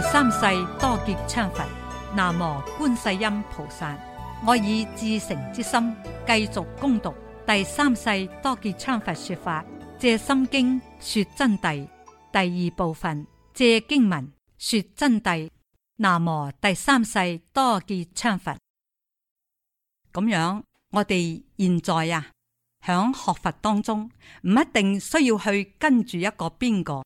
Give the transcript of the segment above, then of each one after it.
第三世多杰羌佛，南無觀世音菩薩。我以至誠之心繼續恭讀第三世多杰羌佛說法《藉心經》說真諦第二部分，《藉經文說真諦》南無第三世多杰羌佛。咁樣，我哋現在呀，喺學佛當中唔一定需要去跟住一個邊個，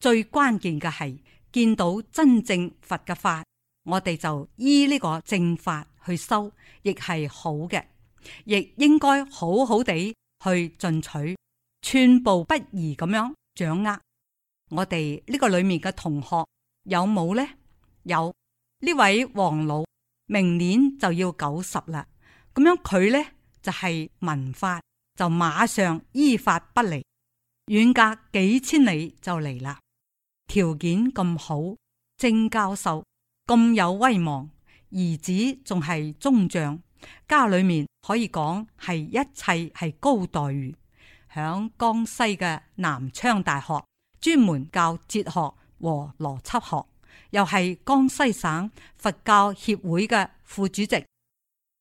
最關鍵嘅係。見到真正佛嘅法，我哋就依呢個正法去修，亦係好嘅，亦應該好好地去進取，寸步不移咁樣掌握。我哋呢個裏面嘅同學有冇呢？有呢位黃老，明年就要九十啦。咁樣佢呢，就係、是、聞法就馬上依法不離，遠隔幾千里就嚟啦。條件咁好，正教授，咁有威望，兒子仲係中將，家裏面可以講係一切係高待遇。響江西嘅南昌大學，專門教哲學和邏輯學，又係江西省佛教協會嘅副主席。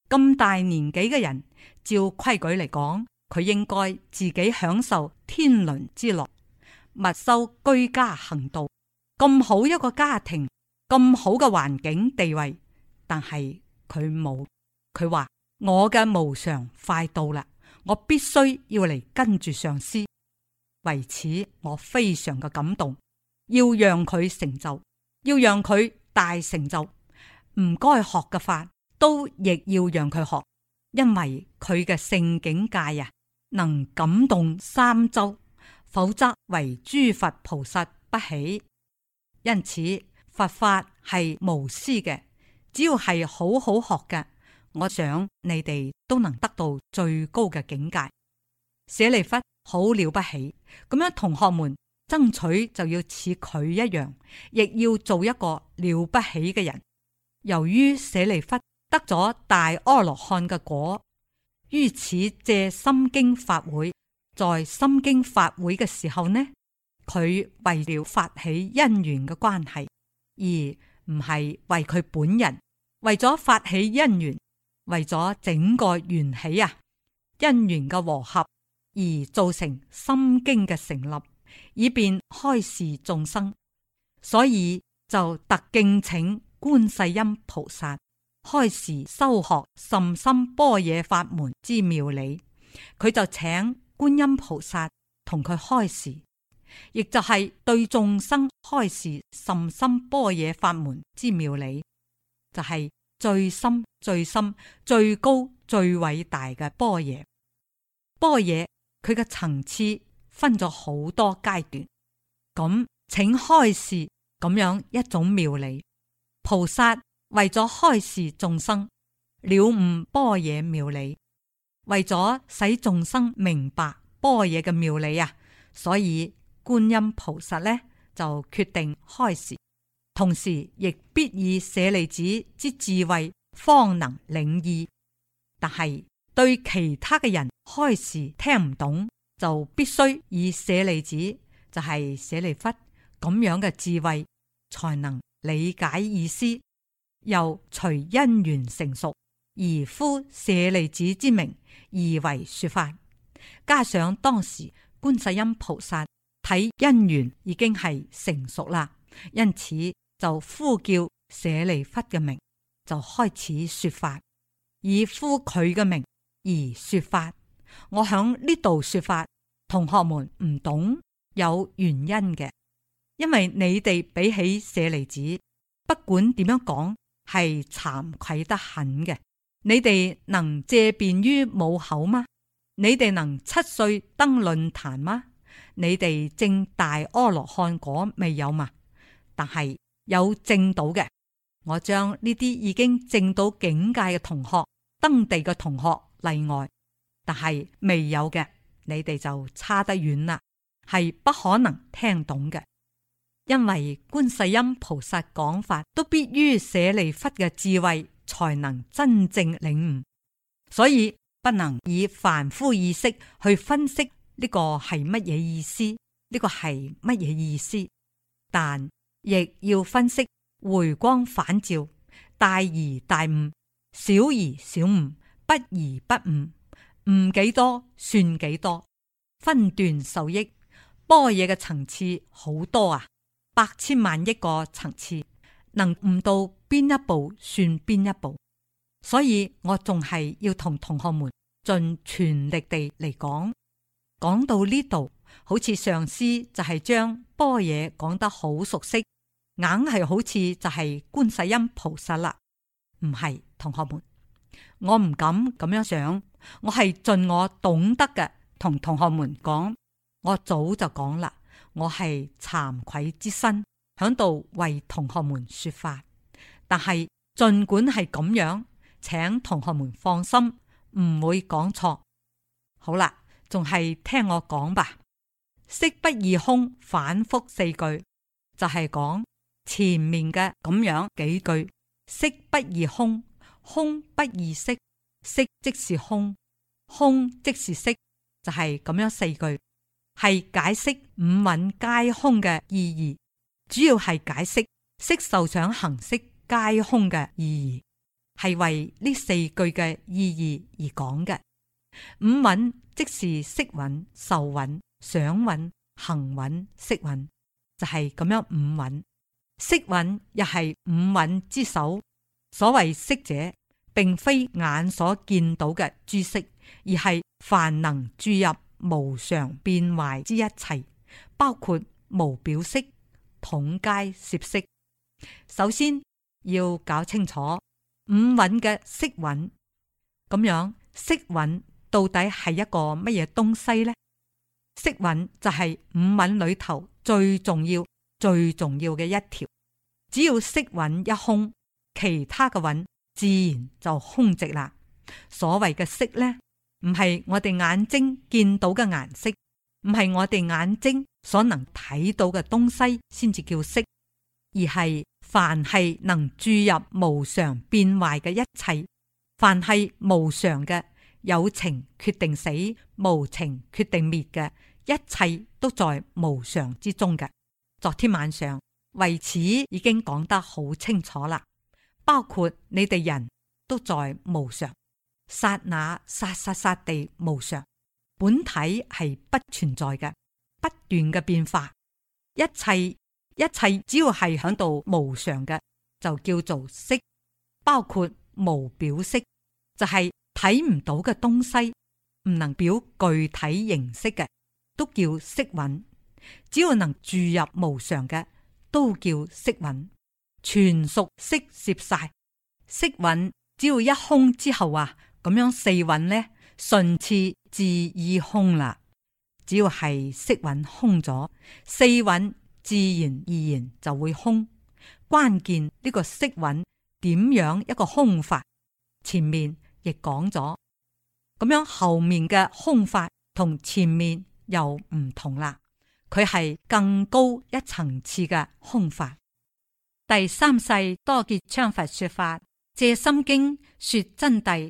咁大年紀嘅人，照規矩嚟講，佢應該自己享受天倫之樂。密修居家行道，咁好一個家庭，咁好嘅環境地位，但係佢冇，佢話，我嘅無常快到啦，我必須要嚟跟住上司。為此，我非常嘅感動，要讓佢成就，要讓佢大成就。唔該學嘅法都亦要讓佢學，因為佢嘅聖境界啊，能感動三周。否則為諸佛菩薩不起，因此佛法係無私嘅，只要係好好學嘅，我想你哋都能得到最高嘅境界。舍利弗好了不起，咁樣同學們爭取就要似佢一樣，亦要做一個了不起嘅人。由於舍利弗得咗大阿羅漢嘅果，於此借心經法會。在心經法會嘅時候呢，佢為了發起因緣嘅關係，而唔係為佢本人，為咗發起因緣，為咗整個緣起啊因緣嘅和合，而造成心經嘅成立，以便開示眾生，所以就特敬請觀世音菩薩開示修學甚深般若法門之妙理，佢就請。觀音菩薩同佢開示，亦就係對眾生開示甚深般若法門之妙理，就係、是、最深、最深、最高、最偉大嘅般若。般若佢嘅層次分咗好多階段，咁請開示咁樣一種妙理。菩薩為咗開示眾生了悟般若妙理，為咗使眾生明白般若嘅妙理啊，所以觀音菩薩呢就決定開示，同時亦必以舍利子之智慧方能領意。但係對其他嘅人開示聽唔懂，就必須以舍利子就係、是、舍利弗咁樣嘅智慧，才能理解意思，又隨因緣成熟。而呼舍利子之名而為說法，加上當時觀世音菩薩睇因緣已經係成熟啦，因此就呼叫舍利弗嘅名，就開始說法，以呼佢嘅名而說法。我響呢度說法，同學們唔懂，有原因嘅，因為你哋比起舍利子，不管點樣講，係慚愧得很嘅。你哋能借便於母口嗎？你哋能七歲登論壇嗎？你哋證大阿羅漢果未有嘛？但係有證到嘅，我將呢啲已經證到境界嘅同學、登地嘅同學例外，但係未有嘅，你哋就差得遠啦，係不可能聽懂嘅，因為觀世音菩薩講法都必於舍利弗嘅智慧。才能真正領悟，所以不能以凡夫意識去分析呢個係乜嘢意思，呢個係乜嘢意思。但亦要分析，回光返照，大而大悟，小而小悟，不而不悟，悟幾多算幾多，分段受益，般若嘅層次好多啊，百千萬億個層次。能悟到邊一步算邊一步，所以我仲係要同同學們盡全力地嚟講。講到呢度，好似上師就係將般若講得好熟悉，硬係好似就係觀世音菩薩啦。唔係，同學們，我唔敢咁樣想，我係盡我懂得嘅同同學們講。我早就講啦，我係慚愧之身。響度為同學們說法，但係儘管係咁樣，請同學們放心，唔會講錯。好啦，仲係聽我講吧。色不異空，反覆四句，就係、是、講前面嘅咁樣幾句。色不異空，空不異色，色即是空，空即是色，就係、是、咁樣四句，係解釋五蘊皆空嘅意義。主要係解釋色受想行識皆空嘅意義，係為呢四句嘅意義而講嘅。五蘊即是色蘊、受蘊、想蘊、行蘊、識蘊，就係、是、咁樣五蘊。色蘊又係五蘊之首。所謂色者，並非眼所見到嘅珠色，而係凡能注入無常變壞之一切，包括無表色。統皆涉色，首先要搞清楚五蘊嘅色蘊，咁樣色蘊到底係一個乜嘢東西呢？色蘊就係五蘊裏頭最重要、最重要嘅一條，只要色蘊一空，其他嘅蘊自然就空直啦。所謂嘅色呢，唔係我哋眼睛見到嘅顏色。唔係我哋眼睛所能睇到嘅東西先至叫色，而係凡係能注入無常變壞嘅一切，凡係無常嘅有情決定死，無情決定滅嘅，一切都在無常之中嘅。昨天晚上為此已經講得好清楚啦，包括你哋人都在無常，剎那剎剎剎地無常。本體係不存在嘅，不斷嘅變化，一切一切只要係響度無常嘅，就叫做色，包括無表色，就係睇唔到嘅東西，唔能表具體形式嘅，都叫色蘊。只要能注入無常嘅，都叫色蘊，全屬色攝晒。色蘊只要一空之後啊，咁樣四蘊呢？順次自意空啦，只要係色蘊空咗，四蘊自然而然就會空。關鍵呢個色蘊點樣一個空法，前面亦講咗，咁樣後面嘅空法同前面又唔同啦。佢係更高一層次嘅空法。第三世多杰羌佛說法《藉心經》說真諦。